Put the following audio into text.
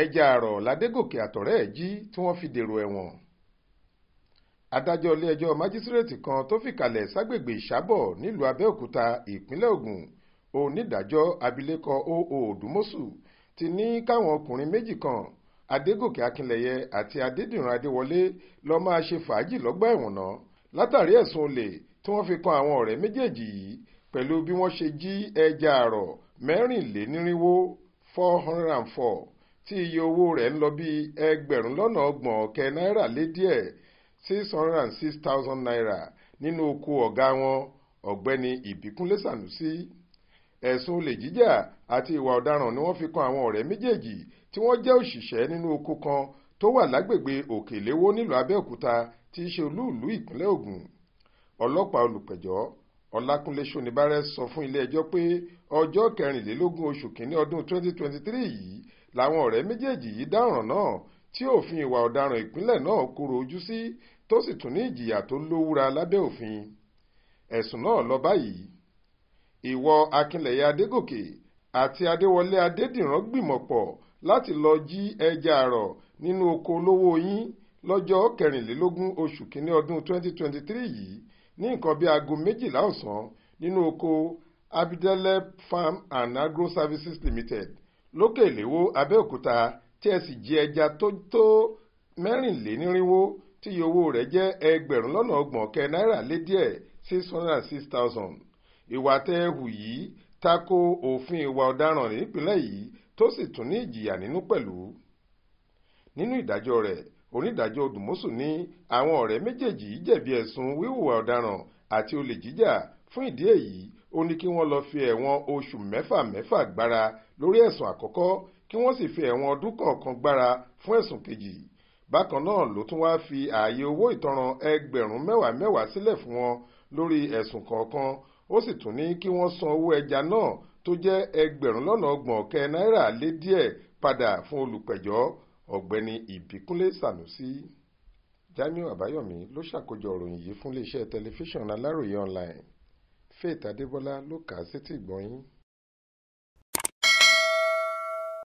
ẹja àrọ̀ ládégòkè àtọ̀rẹ́ ẹ̀ jí tí wọ́n fi dèrò ẹ̀wọ̀n adájọ́ ilé-ẹjọ́ májísírèètì kan tó fìkàlẹ̀ ságbègbè ìsábọ̀ nílùú abẹ́òkúta ìpínlẹ̀ ògùn onídàájọ́ abilékọ oo òdùmọ́sù ti ní káwọn ọkùnrin méjì kan adégòkè akínlẹ̀yẹ àti adédìran adéwọlé lọ́ọ́ máa ṣe fàájì lọ́gbà ẹ̀wọ̀n náà látàrí ẹ̀sùn olè tí wọ́n fi kan àwọn ọ̀rẹ́ méjèèjì yìí pẹ̀lú bí wọ́n ṣe jí ẹja àrọ̀ mẹ́rìnlénírínwó four hundred and four tí iye owó rẹ̀ ń lọ bí ẹgbẹ̀rún lọ́nà ọgbọ̀n ọ̀kẹ́ náírà lé díẹ̀ six hundred and six thousand naira nínú oko ọ̀gá wọn ọ̀gbẹ́ni ìbíkúnlé sànúsí ẹ̀sùn olè jíjà àti ìwà ọ̀daràn ni wọ́n fi kan àwọn ọ̀rẹ́ méjèèjì tí wọ́n jẹ́ òṣìṣẹ́ nínú oko kan tó wà lágbègbè òkèléwó nílùú abẹ́òkúta tí í ṣe olúùlú ìpínlẹ̀ ògùn ọlọ́pàá olùpẹ̀jọ́ ọlákúnlé ṣonibárẹ́ sọ fún ilé-ẹjọ́ pé ọjọ́ kẹrìnlélógún oṣù kínní ọdún 2023 yìí làwọn ọ̀rẹ́ méjèèjì yìí dáràn náà tí òfin ìwà ọ̀daràn ìpínlẹ̀ náà kóró ojú sí tó sì tún ní ìjìyà tó lówúra lábẹ́ òfin ẹ̀sùn náà lọ báyìí ìwọ akínlẹ̀yẹ adégòkè àti adéwọlé adédìran gbìmọ̀ pọ̀ láti lọ jí ẹja àrọ̀ nínú oko olówó yín lọ́jọ́ kẹrìnlélógún oṣù kínní ọdún 2023 yìí ní nǹkan bíi aago méjìlá ọ̀sán nínú oko abidele farm and agro services limited lókè ìléwó abẹ́òkúta tí ẹ sì jẹ ẹja tó tó mẹ́rìnlénírínwó tí iye owó rẹ̀ jẹ́ ẹgbẹ̀rún lọ́nà ọgbọ̀n kẹ náírà lé díẹ̀ six hundred and six thousand ìwà tẹ́ ẹ hù yìí tako òfin ìwà ọ̀daràn nípìnlẹ̀ yìí tó sì tún ní ìjìyà nínú pẹ̀lú nínú ìdájọ́ rẹ̀ onídàájọ́ odùmọ́sù ní àwọn ọ̀rẹ́ méjèèjì jẹ̀bi ẹ̀sùn wíwùwà ọ̀daràn àti olè jíjà fún ìdí èyí ó ní kí wọ́n lọ fi ẹ̀wọ̀n oṣù mẹ́fà mẹ́fà gbára lórí ẹ̀sùn àkọ́kọ́ kí wọ́n sì fi ẹ̀wọ̀n ọdún kọ̀ọ̀kan gbára fún ẹ̀sùn kejì bákan náà ló tún wáá fi ààyè owó ìtanràn ẹgbẹ̀rún mẹ́wàá mẹ́wàá sílẹ̀ fún wọn lórí ẹ̀sùn kọ̀ọ̀kan ó sì tún ní kí wọ́n san owó ẹja náà tó jẹ́ ẹgbẹ̀rún lọ́nà ọgbọ̀n ọ̀kẹ́ náírà lé díẹ̀ padà fún olùpẹ̀jọ́ ọ̀gbẹ́ni ìbíkúnlé sànúsí jamiu àbáyọ̀mí ló ṣàkójọ ìròyìn yìí fún iléeṣẹ́ tẹlifíṣàn aláròye online Faith Adébọlá ló kà á sétígbọ̀ọ́ yín